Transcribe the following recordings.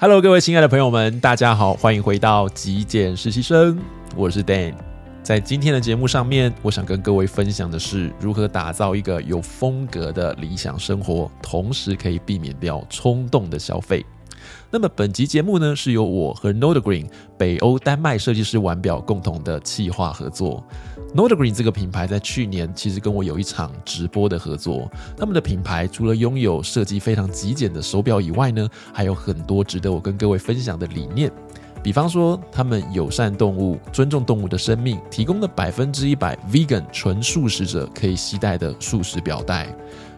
Hello，各位親愛的朋友們，大家好，歡迎回到極簡實習生，我是 Dan。在今天的節目上面，我想跟各位分享的是如何打造一個有風格的理想生活，同時可以避免掉衝動的消費。那麼，本集節目呢，是由我和 Nordgreen 北歐丹麥設計師腕錶共同的企劃合作。Nordgreen 這個品牌在去年其實跟我有一場直播的合作。他們的品牌除了擁有設計非常極簡的手錶以外呢，還有很多值得我跟各位分享的理念。比方說，他們友善動物、尊重動物的生命，提供了百分之一百 vegan 純素食者可以攜帶的素食錶帶。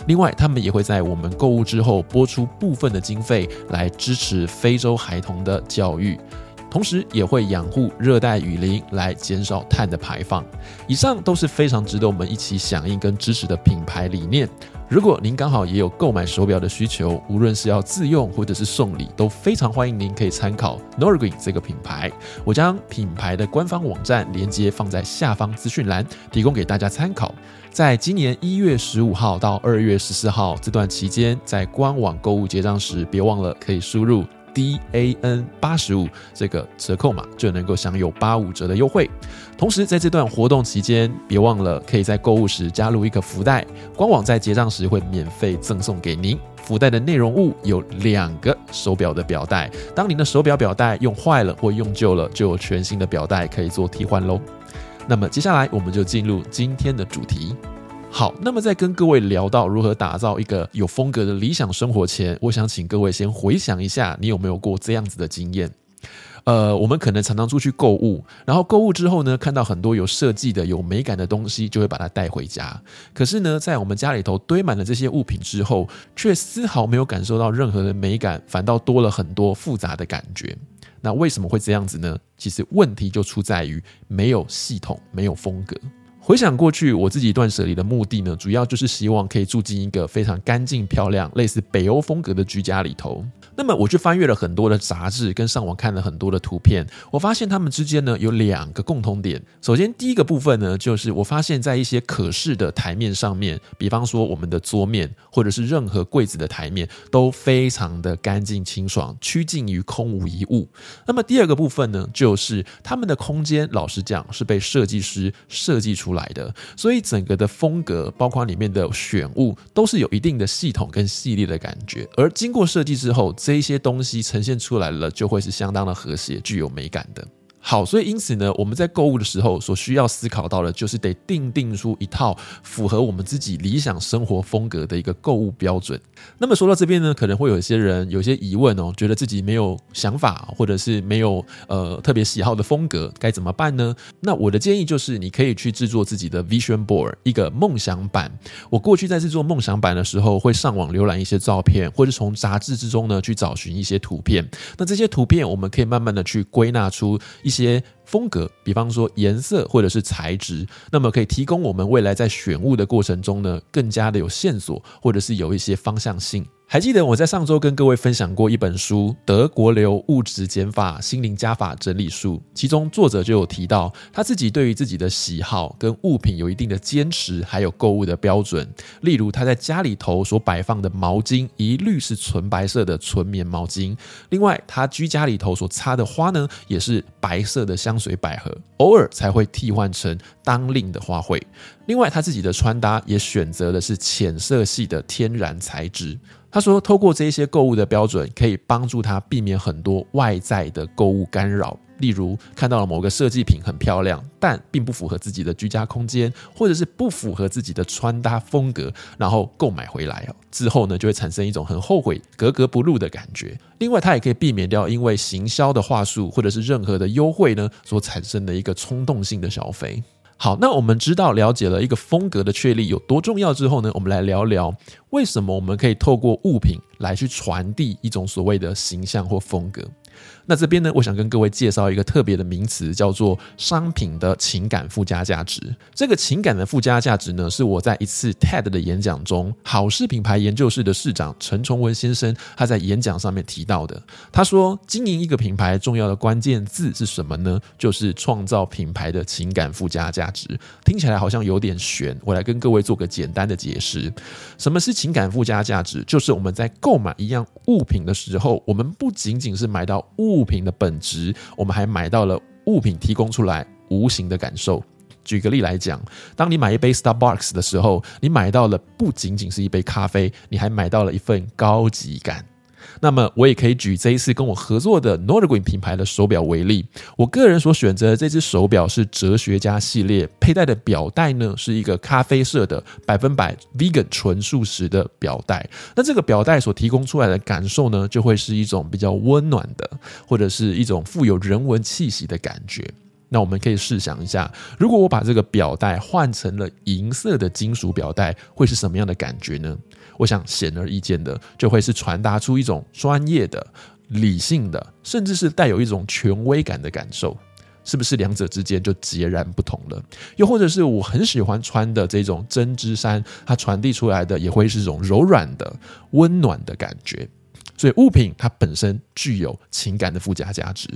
另外，他們也會在我們購物之後撥出部分的經費來支持非洲孩童的教育，同時也會養護熱帶雨林來減少碳的排放。以上都是非常值得我們一起響應跟支持的品牌理念。如果您剛好也有購買手錶的需求，無論是要自用或者是送禮，都非常歡迎您可以參考 Nordgreen 這個品牌。我將品牌的官方網站鏈接放在下方資訊欄，提供給大家參考。在今年一月十五號到二月十四號這段期間，在官網購物結賬時，別忘了可以輸入。DAN85 這個折扣碼就能夠享有八五折的優惠。同時，在這段活動期間，別忘了可以在購物時加入一個福袋，官網在結賬時會免費贈送給您。福袋的內容物有兩個手錶的錶帶，當您的手錶錶帶用壞了或用舊了，就有全新的錶帶可以做替換嘍。那麼，接下來我們就進入今天的主題。好，那麼在跟各位聊到如何打造一個有風格的理想生活前，我想請各位先回想一下，你有沒有過這樣子的經驗？呃，我們可能常常出去購物，然後購物之後呢，看到很多有設計的、有美感的東西，就會把它帶回家。可是呢，在我們家裡頭堆滿了這些物品之後，卻絲毫沒有感受到任何的美感，反倒多了很多複雜的感覺。那為什麼會這樣子呢？其實問題就出在於沒有系統，沒有風格。回想過去，我自己斷捨離的目的呢，主要就是希望可以住進一個非常乾淨漂亮、類似北歐風格的居家裡頭。那麼，我就翻閱了很多的雜誌，跟上網看了很多的圖片，我發現他們之間呢有兩個共通點。首先，第一個部分呢，就是我發現在一些可視的台面上面，比方說我們的桌面，或者是任何櫃子的台面，都非常的乾淨清爽，趨近於空無一物。那麼，第二個部分呢，就是他們的空間，老實講是被設計師設計出來。買的，所以整個的風格，包括裡面的選物，都是有一定的系統跟系列的感覺。而經過設計之後，這些東西呈現出來了，就會是相當的和諧，具有美感的。好，所以因此呢，我們在購物的時候所需要思考到的，就是得定定出一套符合我們自己理想生活風格的一個購物標準。那麼說到這邊呢，可能會有一些人有些疑問哦，覺得自己沒有想法，或者是沒有呃特別喜好的風格，該怎麼辦呢？那我的建議就是，你可以去制作自己的 vision board，一個夢想版。我過去在制作夢想版的時候，會上網瀏覽一些照片，或者從雜誌之中呢去找尋一些圖片。那這些圖片，我們可以慢慢的去歸納出一些。風格，比方說顏色或者是材質，那麼可以提供我們未來在選物的過程中呢，更加的有線索，或者是有一些方向性。還記得我在上週跟各位分享過一本書《德國流物質減法，心靈加法整理術》，其中作者就有提到他自己對於自己的喜好跟物品有一定的堅持，還有購物的標準。例如他在家裡頭所擺放的毛巾，一律是純白色的純棉毛巾。另外，他居家裡頭所插的花呢，也是白色的香水。水百合，偶爾才會替換成當令的花卉。另外，他自己的穿搭也選擇的是淺色系的天然材質。他說，透過這一些購物的標準，可以幫助他避免很多外在的購物干擾。例如看到了某個設計品很漂亮，但並不符合自己的居家空間，或者是不符合自己的穿搭風格，然後購買回來哦，之後呢，就會產生一種很後悔、格格不入的感覺。另外，它也可以避免掉因為行銷的話術或者是任何的優惠呢，所產生的一個衝動性的消費。好，那我們知道了解了一個風格的確立有多重要之後呢，我們來聊聊為什麼我們可以透過物品來去傳遞一種所謂的形象或風格。那這邊呢，我想跟各位介紹一個特別的名詞，叫做商品的情感附加價值。這個情感的附加價值呢，是我在一次 TED 的演講中，好事品牌研究室的室長陳崇文先生他在演講上面提到的。他說，經營一個品牌重要的關鍵字是什麼呢？就是創造品牌的情感附加價值。聽起來好像有點玄，我來跟各位做個簡單的解釋。什麼是情感附加價值？就是我們在購買一樣物品的時候，我們不僅僅是買到。物品的本質，我們還買到了物品提供出來無形的感受。舉個例來講，當你買一杯 Starbucks 的時候，你買到的不僅僅是一杯咖啡，你還買到了一份高級感。那麼我也可以舉這一次跟我合作的 Nordgreen 品牌的手表為例。我個人所選擇的這只手表是哲學家系列，佩戴的表帶呢是一個咖啡色的百分百 vegan 純素食的表帶。那這個表帶所提供出來的感受呢，就會是一種比較溫暖的，或者是一種富有人文氣息的感覺。那我們可以試想一下，如果我把這個錶帶換成了銀色的金屬錶帶，會是什麼樣的感覺呢？我想顯而易見的，就會是傳達出一種專業的、理性的，甚至是帶有一種權威感的感受，是不是兩者之間就截然不同了？又或者是我很喜歡穿的這種針織衫，它傳遞出來的也會是一種柔軟的、溫暖的感覺。所以物品它本身具有情感的附加價值。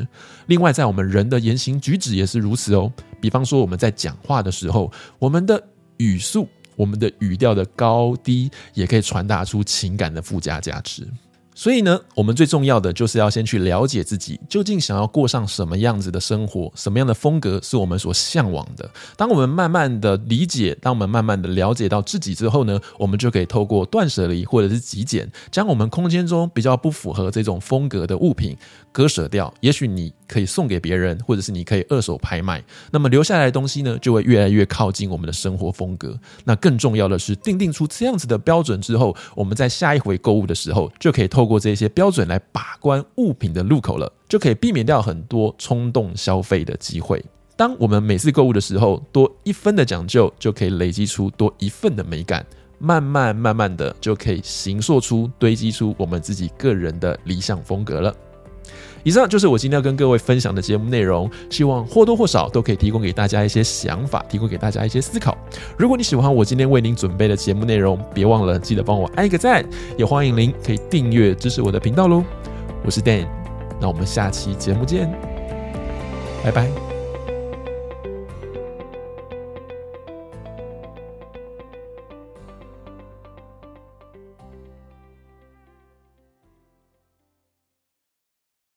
另外，在我們人的言行舉止也是如此哦。比方說，我們在講話的時候，我們的語速、我們的語調的高低，也可以傳達出情感的附加價值。所以呢，我們最重要的就是要先去了解自己究竟想要過上什麼樣子的生活，什麼樣的風格是我們所嚮往的。當我們慢慢的理解，當我們慢慢的了解到自己之後呢，我們就可以透過斷捨離或者是極簡，將我們空間中比較不符合這種風格的物品割捨掉。也許你。可以送給別人，或者是你可以二手拍賣。那麼留下來的東西呢，就會越來越靠近我們的生活風格。那更重要的是，訂定出這樣子的標準之後，我們在下一回購物的時候，就可以透過這些標準來把關物品的入口了，就可以避免掉很多衝動消費的機會。當我們每次購物的時候，多一分的講究，就可以累積出多一份的美感。慢慢慢慢的，就可以形塑出、堆積出我們自己個人的理想風格了。以上就是我今天要跟各位分享的節目內容，希望或多或少都可以提供給大家一些想法，提供給大家一些思考。如果你喜歡我今天為您準備的節目內容，別忘了記得幫我按一個讚，也歡迎您可以訂閱支持我的頻道嘍。我是 Dan，那我們下期節目見，拜拜。